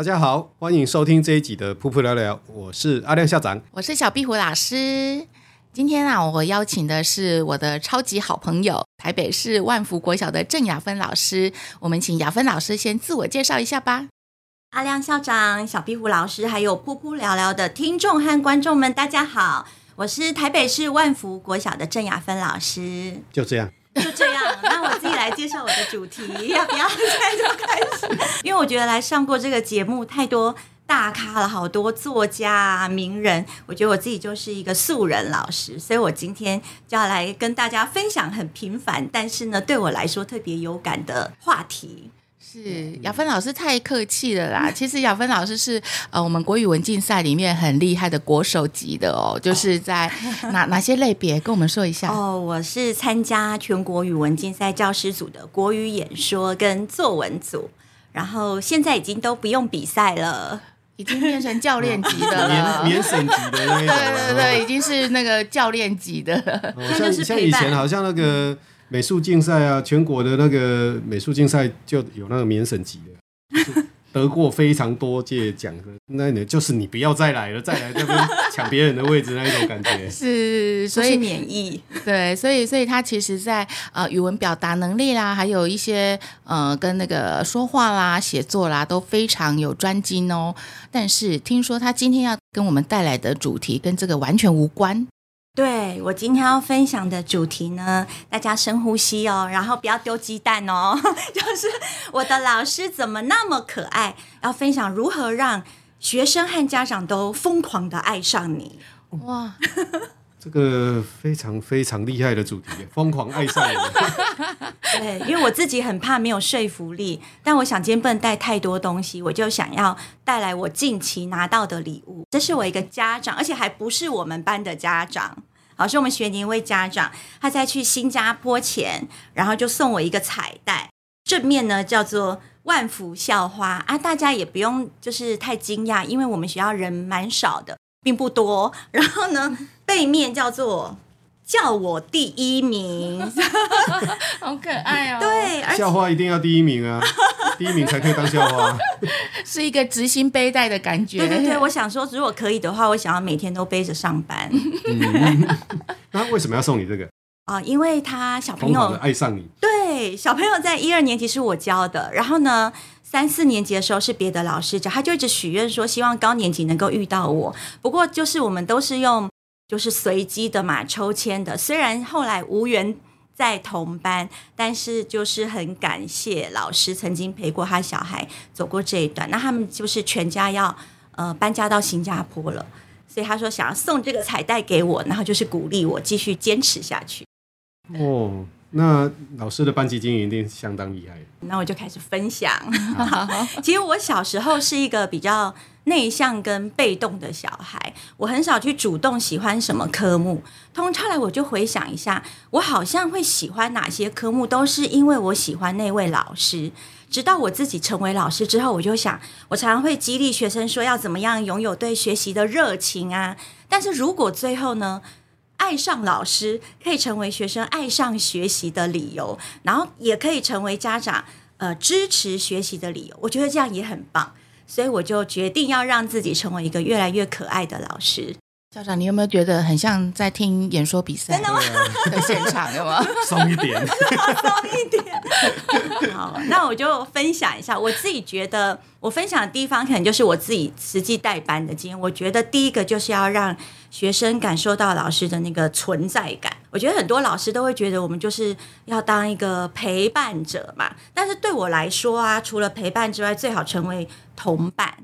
大家好，歡迎收聽這一集的《噗噗聊聊》，我是阿亮校長，我是小壁虎老師。今天啊，我邀請的是我的超級好朋友，台北市萬福國小的鄭雅芬老師。我們請雅芬老師先自我介紹一下吧。阿亮校長、小壁虎老師，還有《噗噗聊聊》的聽眾和觀眾們，大家好，我是台北市萬福國小的鄭雅芬老師。就這樣。就這樣，那我自己來介紹我的主題，要不要現在就開始？ 因為我覺得來上過這個節目太多大咖了，好多作家、名人，我覺得我自己就是一個素人老師，所以我今天就要來跟大家分享很平凡，但是呢，對我來說特別有感的話題。是雅芬老師太客氣了啦，嗯、其實雅芬老師是呃我們國語文競賽裡面很厲害的國手級的哦，就是在哪、哦、哪，哪些類別跟我們說一下哦，我是參加全國語文競賽教師組的國語演說跟作文組，然後現在已經都不用比賽了，已經變成教練級的了、年免 級的那， 對對對，已經是那個教練級的、哦，像他就是像以前好像那個。嗯美術競賽啊，全國的那個美術競賽就有那個免審級的，就是、得過非常多屆獎的。 那年就是你不要再來了，再來就是搶別人的位置那一種感覺、欸。 是，所以免疫對，所以所以他其實在呃語文表達能力啦，還有一些呃跟那個說話啦、寫作啦都非常有專精哦、喔。但是聽說他今天要跟我們帶來的主題跟這個完全無關。對，我今天要分享的主題呢，大家深呼吸哦，然後不要丟雞蛋哦。就是我的老師怎麼那麼可愛？要分享如何讓學生和家長都瘋狂地愛上你。哇，這個非常非常厲害的主題，瘋狂愛上你。 對，因為我自己很怕沒有說服力，但我想今天不能帶太多東西，我就想要帶來我近期拿到的禮物。這是我一個家長，而且還不是我們班的家長。老師，我們學年一位家長，他在去新加坡前，然後就送我一個彩帶，正面呢叫做“萬福校花”啊，大家也不用就是太驚訝，因為我們學校人蠻少的，並不多。然後呢，背面叫做。叫我第一名， 好可愛哦、喔！對，校花一定要第一名啊， 第一名才可以當校花，是一個直心背帶的感覺。對對對，我想說，如果可以的話，我想要每天都背着上班 嗯。那為什麼要送你這個啊、哦？因為他小朋友愛上你，對，小朋友在一二年級是我教的，然後呢，三四年級的時候是別的老師教，他就一直許願說希望高年級能夠遇到我。不過就是我們都是用。就是隨機的嘛，抽籤的。雖然後來無緣再同班，但是就是很感謝老師曾經陪過他小孩走過這一段。那他們就是全家要呃搬家到新加坡了，所以他說想要送這個彩帶給我，然後就是鼓勵我繼續堅持下去。哦。那老師的班級經營一定相當厲害。那我就開始分享，啊。 其實我小時候是一個比較內向跟被動的小孩，我很少去主動喜歡什麼科目。通常來我就回想一下，我好像會喜歡哪些科目，都是因為我喜歡那位老師。直到我自己成為老師之後，我就想，我常常會激勵學生說要怎麼樣擁有對學習的熱情啊。但是如果最後呢，愛上老師可以成為學生愛上學習的理由，然後也可以成為家長呃支持學習的理由。我覺得這樣也很棒，所以我就決定要讓自己成為一個越來越可愛的老師。校長，你有沒有覺得很像在聽演說比賽？在對現場，有嗎？鬆一點，鬆一點。好，那我就分享一下，我自己覺得，我分享的地方可能就是我自己實際帶班的經驗。我覺得第一個就是要讓學生感受到老師的那個存在感。我覺得很多老師都會覺得我們就是要當一個陪伴者嘛，但是對我來說啊，除了陪伴之外，最好成為同伴。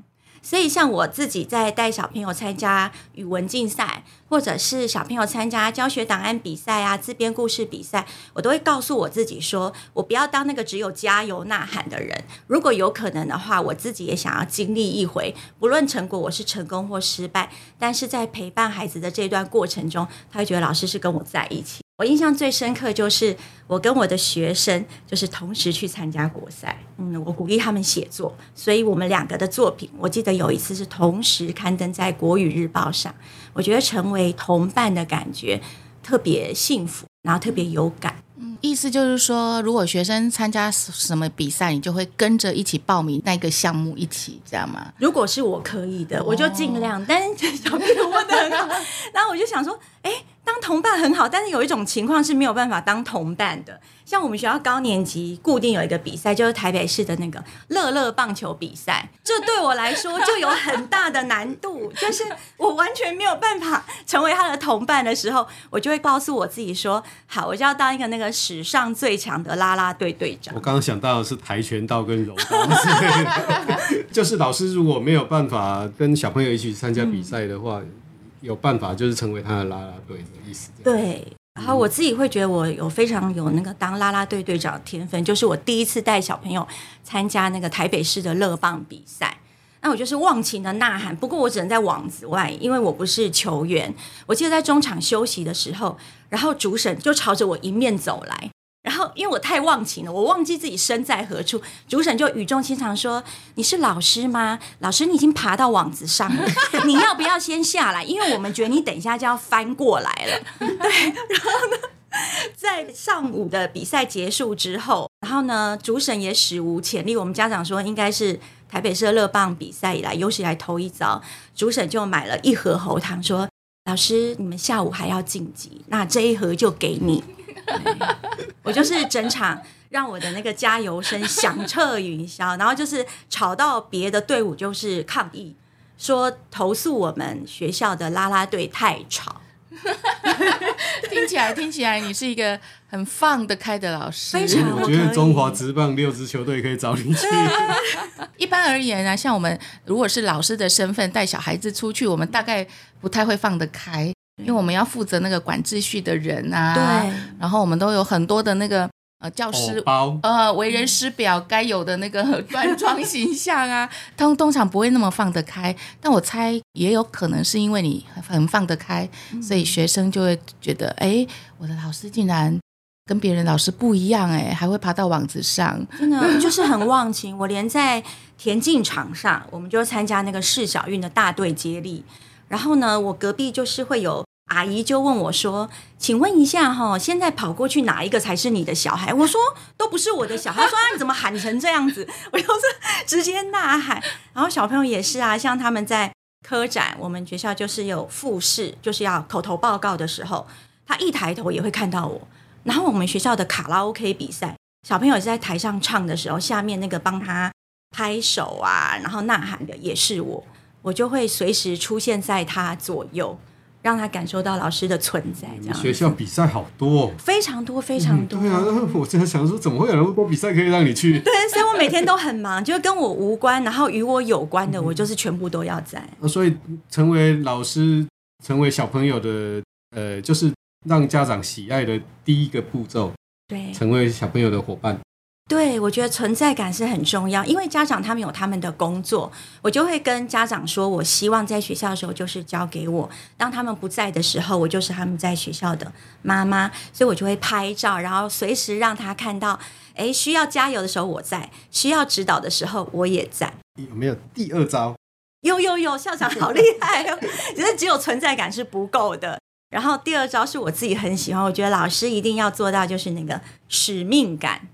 所以，像我自己在帶小朋友參加語文競賽，或者是小朋友參加教學檔案比賽啊、自編故事比賽，我都會告訴我自己說：我不要當那個只有加油吶喊的人。如果有可能的話，我自己也想要經歷一回，不論成果我是成功或失敗，但是在陪伴孩子的這段過程中，他會覺得老師是跟我在一起。我印象最深刻就是我跟我的學生就是同時去參加國賽，嗯，我鼓勵他們寫作，所以我們兩個的作品，我記得有一次是同時刊登在《國語日報》上，我覺得成為同伴的感覺特別幸福。然後特別有感，意思就是說，如果學生參加什麼比賽，你就會跟着一起報名那個項目一起，這樣嗎？如果是我可以的，我就儘量。哦、但是小朋友問的很好， 然後我就想說，哎，當同伴很好，但是有一種情況是沒有辦法當同伴的。像我們學校高年級固定有一個比賽，就是台北市的那個樂樂棒球比賽。這對我來說就有很大的難度， 就是我完全沒有辦法成為他的同伴的時候，我就會告訴我自己說。好，我就要當一個那個史上最強的拉拉隊隊長。我剛剛想到的是跆拳道跟柔道， 就是老師如果沒有辦法跟小朋友一起參加比賽的話，嗯、有辦法就是成為他的拉拉隊的意思。對，然後我自己會覺得我有非常有那個當拉拉隊隊長的天分，就是我第一次帶小朋友參加那個台北市的樂棒比賽。那我就是忘情的吶喊，不過我只能在網子外，因為我不是球員。我記得在中場休息的時候，然後主審就朝着我迎面走來，然後因為我太忘情了，我忘記自己身在何處。主審就語重心長說：“你是老師嗎？老師，你已經爬到網子上了，你要不要先下來？因為我們覺得你等一下就要翻過來了。”對，然後呢？ 在上午的比賽結束之後，然後呢，主審也史無前例，我們家長說應該是台北市樂棒比賽以來，有史以來頭一遭。主審就買了一盒喉糖說，說老師，你們下午還要晉級，那這一盒就給你。我就是整場讓我的那個加油聲響徹雲霄，然後就是吵到別的隊伍就是抗議，說投訴我們學校的啦啦隊太吵。 聽起來，聽起來你是一個很放得開的老師。嗯，我覺得中華職棒六支球隊可以找你去。 一般而言啊，像我們如果是老師的身份帶小孩子出去，我們大概不太會放得開，因為我們要負責那個管秩序的人啊。對。然後我們都有很多的那個。呃，教師、哦、呃，為人師表該有的那個端莊形象啊，通通常不會那麼放得開。但我猜也有可能是因為你很放得開，嗯、所以學生就會覺得，哎，我的老師竟然跟別人老師不一樣，哎，還會爬到網子上，真的 就是很忘情。我連在田徑場上，我們就參加那個市小運的大隊接力，然後呢，我隔壁就是會有。阿姨就問我說：“請問一下哈，現在跑過去哪一個才是你的小孩？”我說：“都不是我的小孩。”他說：“啊，你怎麼喊成這樣子？”我就是直接吶喊。然後小朋友也是啊，像他們在科展，我們學校就是有複試，就是要口頭報告的時候，他一抬頭也會看到我。然後我們學校的卡拉 OK 比賽，小朋友也是在台上唱的時候，下面那個幫他拍手啊，然後吶喊的也是我，我就會隨時出現在他左右。讓他感受到老師的存在。這樣、嗯、學校比賽好多。哦，非常多，非常多。嗯、對啊，我真的想說，怎麼會有人那麼多比賽可以讓你去？對，所以我每天都很忙， 就是跟我無關，然後與我有關的，我就是全部都要在、嗯啊。所以成為老師，成為小朋友的，呃，就是讓家長喜愛的第一個步驟，對，成為小朋友的夥伴。對，我覺得存在感是很重要，因為家長他們有他們的工作，我就會跟家長說，我希望在學校的時候就是交給我，當他們不在的時候，我就是他們在學校的媽媽，所以我就會拍照，然後隨時讓他看到，誒，需要加油的時候我在，需要指導的時候我也在。有沒有第二招？喲喲喲，校長好厲害哦！覺得 只有存在感是不夠的，然後第二招是我自己很喜歡，我覺得老師一定要做到就是那個使命感。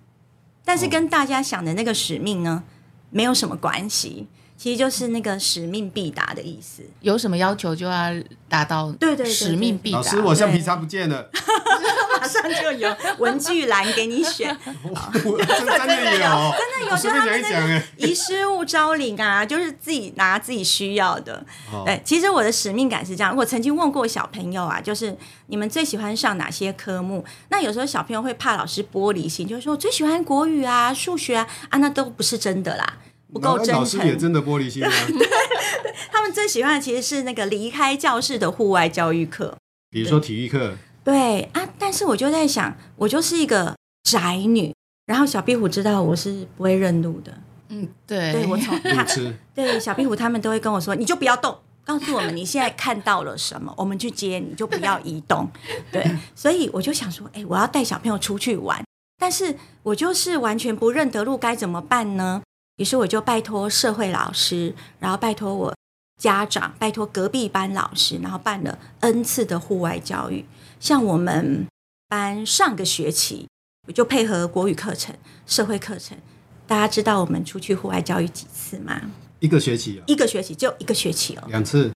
但是跟大家想的那個使命呢，oh. 沒有什麼關係。其實就是那個使命必達的意思。有什麼要求就要達到，對對，使命必達。老師，我橡皮擦不見了。對 馬上就有文具欄給你選， 真的有， 真的有。 真的有 我先講一講欸，遺失物招領啊，就是自己拿自己需要的。對，其實我的使命感是這樣。我曾經問過小朋友啊，就是你們最喜歡上哪些科目？那有時候小朋友會怕老師玻璃心，就是說我最喜歡國語啊、數學啊啊，那都不是真的啦，不夠真誠。老師也真的玻璃心啊對對對。他們最喜歡的其實是那個離開教室的戶外教育課，比如說體育課。對啊，但是我就在想，我就是一個宅女。然後小壁虎知道我是不會認路的，嗯，對，對，我從他吃， 對，小壁虎他們都會跟我說，你就不要動，告訴我們你現在看到了什麼， 我們去接你，就不要移動。對，所以我就想說，哎、欸，我要帶小朋友出去玩，但是我就是完全不認得路，該怎麼辦呢？於是我就拜託社會老師，然後拜託我家長，拜託隔壁班老師，然後辦了 N 次的戶外教育。像我們班上個學期，我就配合國語課程、社會課程，大家知道我們出去戶外教育幾次嗎？一個學期、啊、一個學期就一個學期哦。兩次。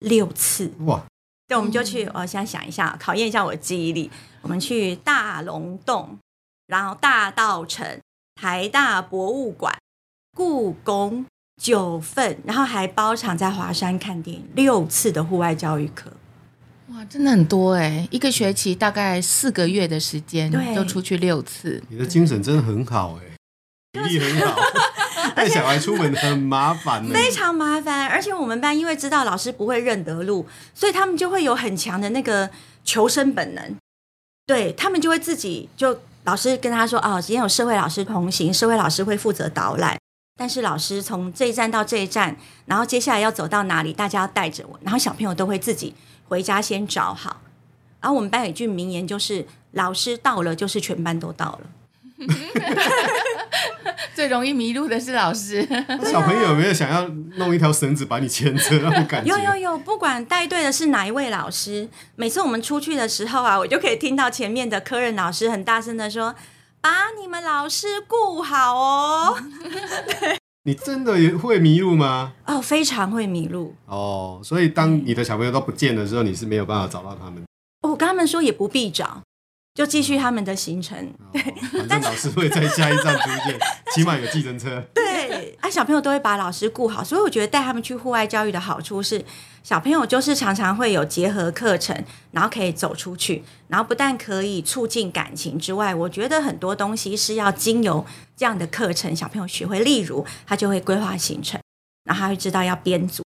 六次。哇！對，我們就去。我想想一下，考驗一下我的記憶力。嗯、我們去大龍峒，然後大稻埕、台大博物館、故宮、九份，然後還包場在華山看電影，六次的戶外教育課。哇，真的很多哎！一個學期大概四個月的時間，都對出去六次。你的精神真的很好哎，對體力很好，帶 小孩出門很麻煩。非常麻煩，而且我們班因為知道老師不會認得路，所以他們就會有很強的那個求生本能。對他們就會自己就老師跟他說哦，今天有社會老師同行，社會老師會負責導覽。但是老師從這一站到這一站，然後接下來要走到哪裡，大家要帶着我，然後小朋友都會自己。回家先找好，然後我們班有一句名言，就是老師到了，就是全班都到了。最容易迷路的是老師。 小朋友有沒有想要弄一條繩子把你牽着那種感覺？ 有有有，不管帶隊的是哪一位老師，每次我們出去的時候啊，我就可以聽到前面的科任老師很大聲的說：“把你們老師顧好哦。” 對。你真的也會迷路嗎？哦，非常會迷路哦。所以當你的小朋友都不見的時候，嗯、你是沒有辦法找到他們。我跟他們說也不必找，就繼續他們的行程。對，哦、反正老師會在下一站出現， 起碼有計程車。對。啊，小朋友都會把老師顧好，所以我覺得帶他們去戶外教育的好處是，小朋友就是常常會有結合課程，然後可以走出去，然後不但可以促進感情之外，我覺得很多東西是要經由這樣的課程，小朋友學會，例如他就會規劃行程，然後他會知道要編組，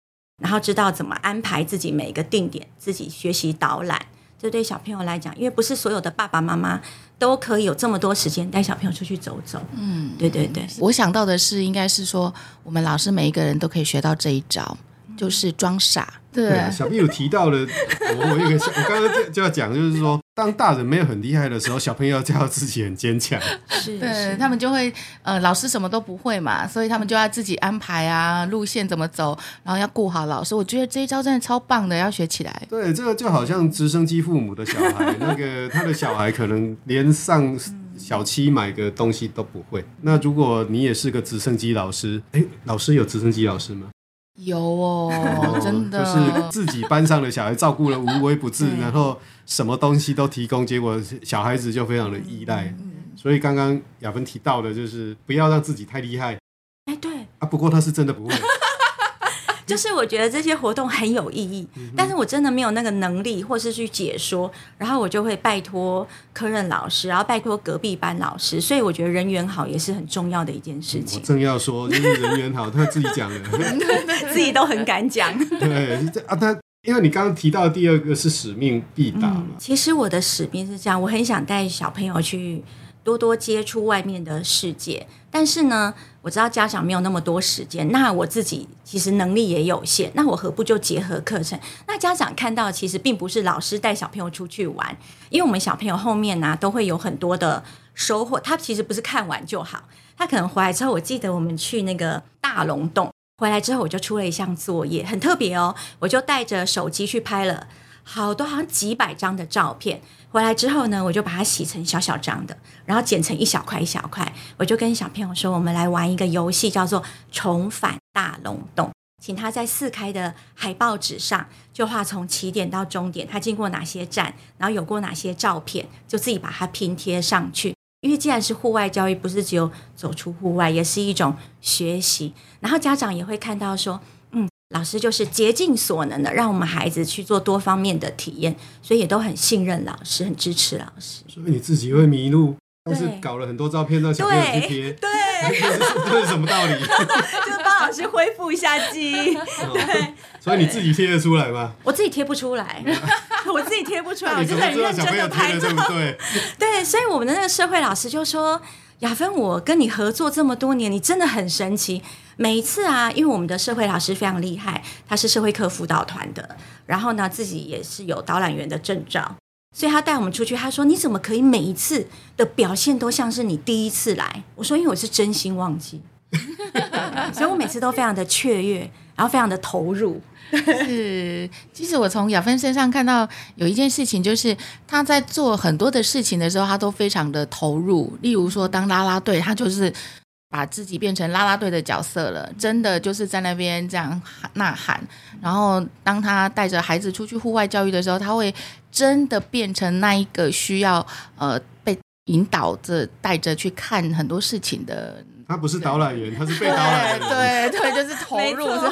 然後知道怎麼安排自己每一個定點，自己學習導覽。這對小朋友來講，因為不是所有的爸爸媽媽都可以有這麼多時間帶小朋友出去走走。嗯，對對對，我想到的是，應該是說，我們老師每一個人都可以學到這一招。就是裝傻，對、啊。 小朋友提到了，我我一個小我剛剛就,就要講，就是說，當大人沒有很厲害的時候，小朋友就要自己很堅強。是,是對，他們就會呃，老師什麼都不會嘛，所以他們就要自己安排啊，路線怎麼走，然後要顧好老師。我覺得這一招真的超棒的，要學起來。對，這個就好像直升機父母的小孩， 那個他的小孩可能連上小七買個東西都不會。那如果你也是個直升機老師，哎，老師有直升機老師嗎？有哦，哦，真的就是自己班上的小孩照顧了無微不至， 對然後什麼東西都提供，結果小孩子就非常的依賴。嗯、所以剛剛雅芬提到的，就是不要讓自己太厲害。哎、欸，對啊，不過他是真的不會。 就是我覺得這些活動很有意義，嗯、哼但是我真的沒有那個能力，或是去解說，然後我就會拜托科任老師，然後拜托隔壁班老師，所以我覺得人緣好也是很重要的一件事情。嗯、我正要說，就是人緣好， 他自己講的 自己都很敢講。 對，啊，他因為你剛剛提到的第二個是使命必達嘛、嗯，其實我的使命是這樣，我很想帶小朋友去。多多接觸外面的世界，但是呢，我知道家長沒有那麼多時間，那我自己其實能力也有限，那我何不就結合課程？那家長看到其實並不是老師帶小朋友出去玩，因為我們小朋友後面呢、啊、都會有很多的收穫。他其實不是看完就好，他可能回來之後，我記得我們去那個大龍峒回來之後，我就出了一項作業，很特別哦，我就帶着手機去拍了。好多，好像幾百張的照片回來之後呢，我就把它洗成小小張的，然後剪成一小塊一小塊。我就跟小朋友說：“我們來玩一個遊戲，叫做《重返大龍洞》。請他在四開的海報紙上，就畫從起點到終點，他經過哪些站，然後有過哪些照片，就自己把它拼貼上去。因為既然是戶外教育，不是只有走出戶外，也是一種學習。然後家長也會看到說。”老師就是竭盡所能的讓我們孩子去做多方面的體驗，所以也都很信任老師，很支持老師。所以你自己會迷路？但都對是搞了很多照片讓小朋友貼。對這。這是什麼道理？ 就是幫老師恢復一下記憶。哦、對。所以你自己貼得出來嗎？我自己貼不出來。 我自己貼不出來， 我就很認真的拍，對不對？對。所以我們的那個社會老師就說：“雅芬，我跟你合作這麼多年，你真的很神奇。”每一次啊，因為我們的社會老師非常厲害，他是社會科輔導團的，然後呢，自己也是有導覽員的證照，所以他帶我們出去。他說：“你怎麼可以每一次的表現都像是你第一次來？”我說：“因為我是真心忘記， 所以我每次都非常的雀躍，然後非常的投入。 ”是，其實我從雅芬身上看到有一件事情，就是他在做很多的事情的時候，他都非常的投入。例如說，當啦啦隊，他就是。把自己變成啦啦隊的角色了，真的就是在那邊這樣吶喊。然後當他帶着孩子出去戶外教育的時候，他會真的變成那一個需要呃被引導着帶着去看很多事情的。他不是導覽員，對他是被導覽員。對對，就是投入對。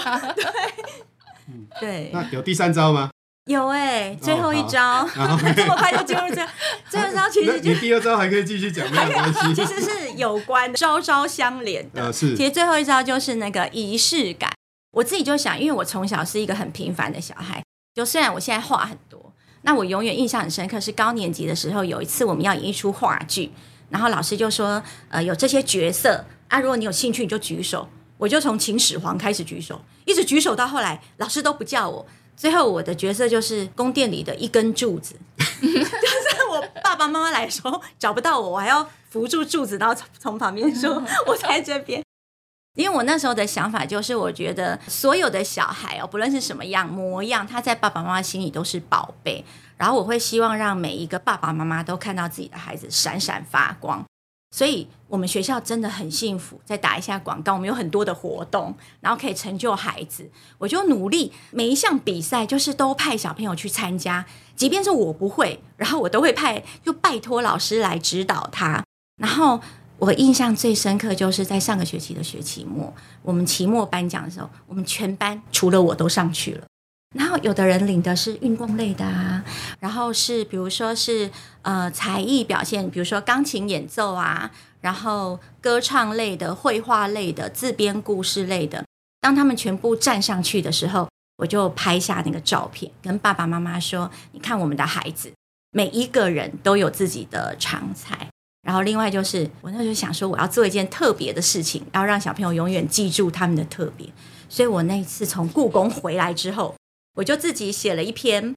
嗯， 對。 那有第三招嗎？有哎、欸，最後一招，哦哦 okay、 這麼快就進入這， 最後一招其實就第二招還可以繼續講，還可以其實是有關的，招招相連的。哦、其實最後一招就是那個儀式感。我自己就想，因為我從小是一個很平凡的小孩，就雖然我現在話很多，那我永遠印象很深刻是高年級的時候，有一次我們要演一出話劇，然後老師就說，呃，有這些角色啊，如果你有興趣你就舉手，我就從秦始皇開始舉手，一直舉手到後來老師都不叫我。最後，我的角色就是宮殿裡的一根柱子。 就是我爸爸媽媽來說找不到我，我還要扶住柱子，然後從旁邊說我在這邊。 因為我那時候的想法就是，我覺得所有的小孩哦，不論是什麼樣模樣，他在爸爸媽媽心裡都是寶貝。然後我會希望讓每一個爸爸媽媽都看到自己的孩子閃閃發光。所以我們學校真的很幸福。再打一下廣告，我們有很多的活動，然後可以成就孩子。我就努力每一項比賽，就是都派小朋友去參加，即便是我不會，然後我都會派，就拜託老師來指導他。然後我印象最深刻，就是在上個學期的學期末，我們期末頒獎的時候，我們全班除了我都上去了。然後有的人領的是運動類的，啊，然後是比如說是呃才藝表現，比如說鋼琴演奏啊，然後歌唱類的、繪畫類的、自編故事類的。當他們全部站上去的時候，我就拍下那個照片，跟爸爸媽媽說：“你看，我們的孩子每一個人都有自己的長才。”然後另外就是，我那時候想說，我要做一件特別的事情，要讓小朋友永遠記住他們的特別。所以我那次從故宮回來之後。我就自己寫了一篇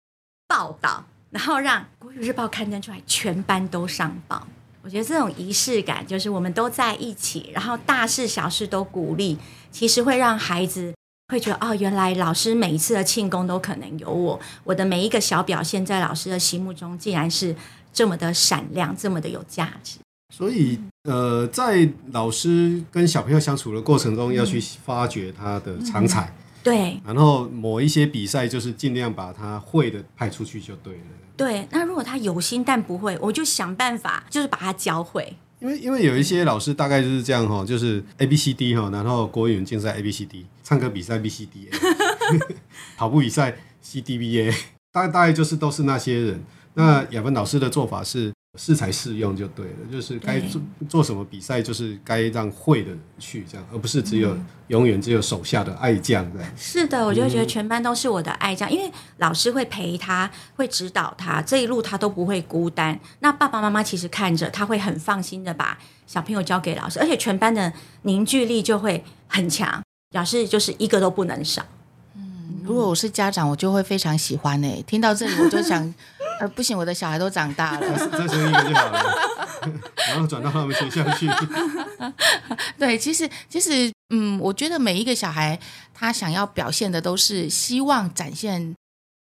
報道，然後讓《國語日報》刊登出來，全班都上報。我覺得這種儀式感，就是我們都在一起，然後大事小事都鼓勵，其實會讓孩子會覺得，哦，原來老師每一次的慶功都可能有我，我的每一個小表現，在老師的心目中，竟然是這麼的閃亮，這麼的有價值。所以，呃，在老師跟小朋友相處的過程中，嗯，要去發掘他的長才。嗯對，然後某一些比賽就是盡量把他會的派出去就對了。對，那如果他有心但不會，我就想辦法，就是把他教會。因為因為有一些老師大概就是這樣哈，就是 A B C D 哈，然後國語文競賽 A B C D，唱歌比賽 B C D A， 跑步比賽 C D B A，大概大概就是都是那些人。那雅芬老師的做法是。適才適用就對了，就是該做做什麼比賽，就是該讓會的人去這樣，對而不是只有永遠只有手下的愛將這樣。嗯、是的，我就覺得全班都是我的愛將，嗯、因為老師會陪他，會指導他，這一路他都不會孤單。那爸爸媽媽其實看着，他會很放心的把小朋友交給老師，而且全班的凝聚力就會很強，表示就是一個都不能少。嗯，如果我是家長，我就會非常喜歡哎、欸，聽到這裡我就想。 呃、啊，不行，我的小孩都長大了，再生一個就好了， 然後轉到他們學校去。 對，其實其實，嗯，我覺得每一個小孩他想要表現的都是希望展現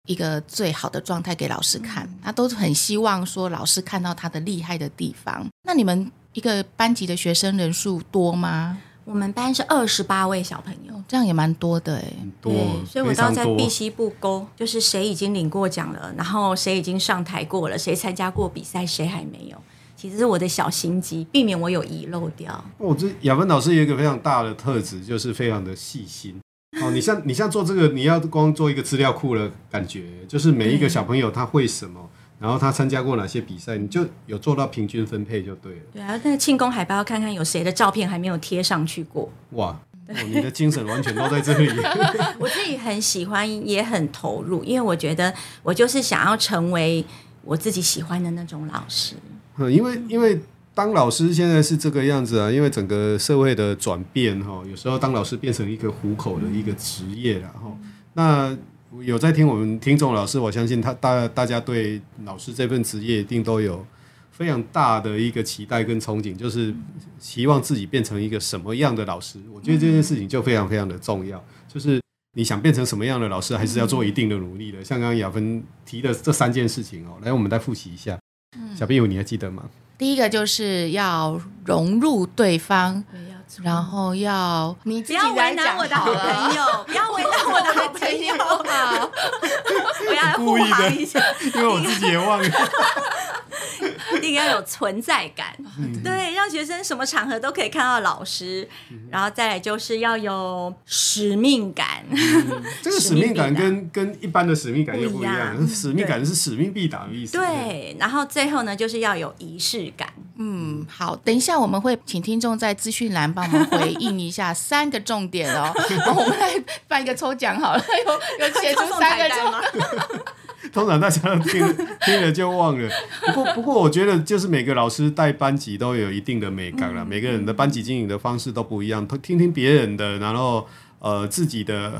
一個最好的狀態給老師看，嗯、他都是很希望說老師看到他的厲害的地方。那你們一個班級的學生人數多嗎？我們班是二十八位小朋友。這樣也蠻多的對。欸，所以，我當時在 B C 部勾，就是誰已經領過獎了，然後誰已經上台過了，誰參加過比賽，誰還沒有。其實是我的小心機，避免我有遺漏掉。我、哦、這雅芬老師有一個非常大的特質，就是非常的細心。哦，你像你像做這個，你要光做一個資料庫的感覺，就是每一個小朋友他會什麼。然後他參加過哪些比賽？你就有做到平均分配就對了。對啊，那慶功海報看看有誰的照片還沒有貼上去過？哇對、哦，你的精神完全都在這裡。 我自己很喜歡，也很投入，因為我覺得我就是想要成為我自己喜歡的那種老師。因為因為當老師現在是這個樣子啊，因為整個社會的轉變哈，有時候當老師變成一個糊口的一個職業，然後那。有在聽我們聽眾老師，我相信他大大家對老師這份職業一定都有非常大的一個期待跟憧憬，就是希望自己變成一個什麼樣的老師。我覺得這件事情就非常非常的重要，嗯、就是你想變成什麼樣的老師，還是要做一定的努力的。嗯、像剛剛雅芬提的這三件事情哦，來我們再複習一下，小朋友你還記得嗎、嗯？第一個就是要融入對方。然後要，不要為難我的好朋友， 不要為難我的好朋友、啊，好不好？我要來護航一下，因為我自己也忘了。 一定要有存在感，嗯、哼對，讓學生什麼場合都可以看到老師，嗯、哼然後再來就是要有使命感。嗯、這個使命感跟 命跟一般的使命感又不一樣，一樣使命感是使命必達的意思。對,對,對，然後最後呢，就是要有儀式感。嗯，好，等一下我們會請聽眾在資訊欄幫我們回應一下三個重點 哦，我們來辦一個抽獎，好了，有有寫出三個嗎？ 通常大家都聽 聽了就忘了，不過不過我覺得就是每個老師帶班級都有一定的美感啦，嗯嗯每個人的班級經營的方式都不一樣，聽聽聽別人的，然後呃自己的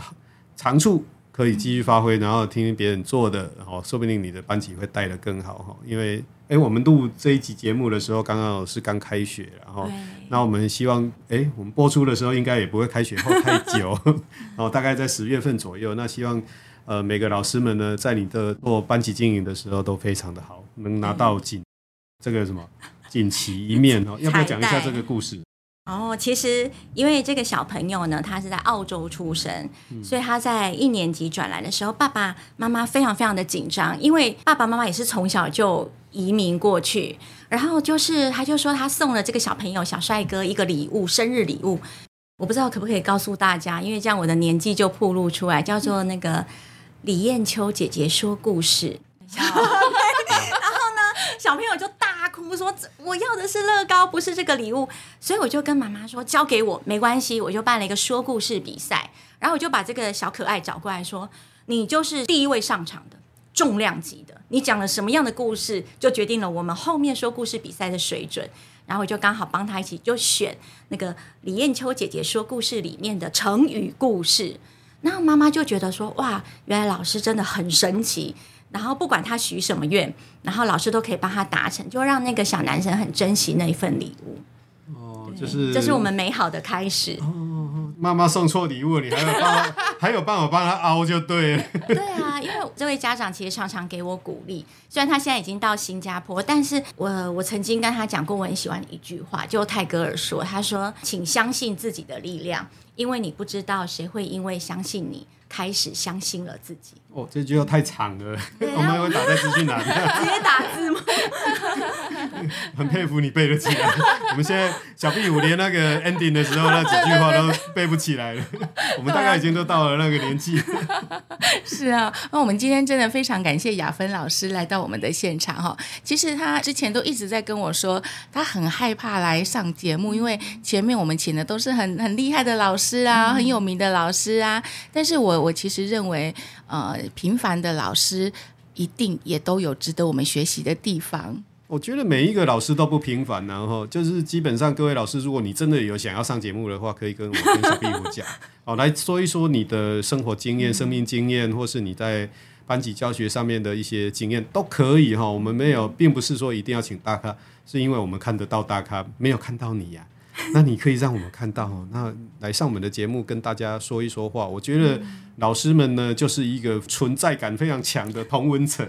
長處可以繼續發揮，然後聽聽別人做的，後、哦、說不定你的班級會帶得更好哈、哦，因為誒我們錄這一集節目的時候剛剛是剛開學，然、哦、後對那我們希望誒我們播出的時候應該也不會開學後太久， 然後大概在十月份左右，那希望。呃，每個老師們呢，在你的做班級經營的時候都非常的好，能拿到錦、嗯、這個什麼錦旗一面哦。 在要不要講一下這個故事？哦，其實因為這個小朋友呢，他是在澳洲出生，嗯、所以他在一年級轉來的時候，爸爸媽媽非常非常的緊張，因為爸爸媽媽也是從小就移民過去。然後就是他就說，他送了這個小朋友小帥哥一個禮物，生日禮物。我不知道可不可以告訴大家，因為這樣我的年紀就暴露出來，叫做那個。李艷秋姐姐說故事， 然後呢，小朋友就大哭說：“我要的是樂高，不是這個禮物。”所以我就跟媽媽說：“交給我沒關係。”我就辦了一個說故事比賽，然後我就把這個小可愛找過來說：“你就是第一位上場的重量級的，你講了什麼樣的故事，就決定了我們後面說故事比賽的水準。”然後我就剛好幫他一起就選那個李艷秋姐姐說故事裡面的成語故事。那媽媽就覺得說，哇，原來老師真的很神奇。然後不管他許什麼願，然後老師都可以幫他達成，就讓那個小男生很珍惜那一份禮物。哦，對就是這是我們美好的開始。哦，媽媽送錯禮物了，你還有幫啦還有辦法幫他凹就對了。對啊，因為這位家長其實常常給我鼓勵。雖然他現在已經到新加坡，但是我我曾經跟他講過我很喜歡的一句話，就泰戈爾說，他說，請相信自己的力量。因為你不知道誰會因為相信你開始相信了自己。哦，這句話太慘了，我們還會打在資訊欄， 直接打字嗎？ 很佩服你背得起來。 我們現在小 B 五連那個 ending 的時候，那幾句話都背不起來了。我們大概已經都到了那個年紀。 是啊，那我們今天真的非常感謝雅芬老師來到我們的現場哈。其實他之前都一直在跟我說，他很害怕來上節目，因為前面我們請的都是很很厲害的老師啊，很有名的老師啊。但是我我其實認為，呃，平凡的老師一定也都有值得我們學習的地方。我覺得每一個老師都不平凡啊，然後就是基本上各位老師，如果你真的有想要上節目的話，可以跟我跟小壁虎講，好 來說一說你的生活經驗、生命經驗，或是你在班級教學上面的一些經驗都可以哈。我們沒有，並不是說一定要請大咖，是因為我們看得到大咖，沒有看到你呀啊。 那你可以讓我們看到，那來上我們的節目跟大家說一說話。我覺得老師們呢，就是一個存在感非常強的同溫層。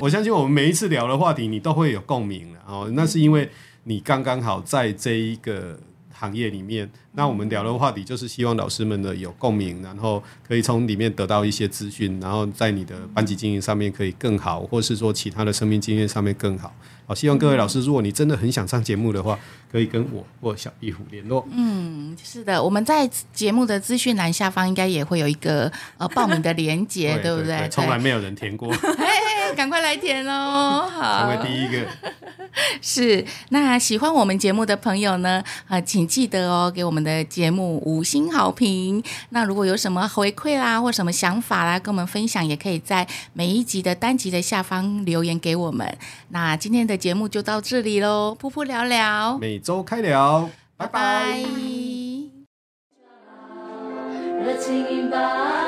我相信我們每一次聊的話題，你都會有共鳴的哦。那是因為你剛剛好在這一個行業裡面。那我們聊的話題就是希望老師們呢有共鳴，然後可以從裡面得到一些資訊，然後在你的班級經營上面可以更好，或是說其他的生命經驗上面更好。好，希望各位老師，如果你真的很想上節目的話，可以跟我或小壁虎聯絡。嗯，是的，我們在節目的資訊欄下方應該也會有一個呃報名的連結， 對不對？從對來沒有人填過。 趕快來填哦！好，成為第一個是，那喜歡我們節目的朋友呢，啊，請記得哦，給我們的節目五星好評。那如果有什麼回饋啦，或什麼想法啦，跟我們分享，也可以在每一集的單集的下方留言給我們。那今天的節目就到這裡嘍，噗噗聊聊，每週開聊，拜拜。拜拜。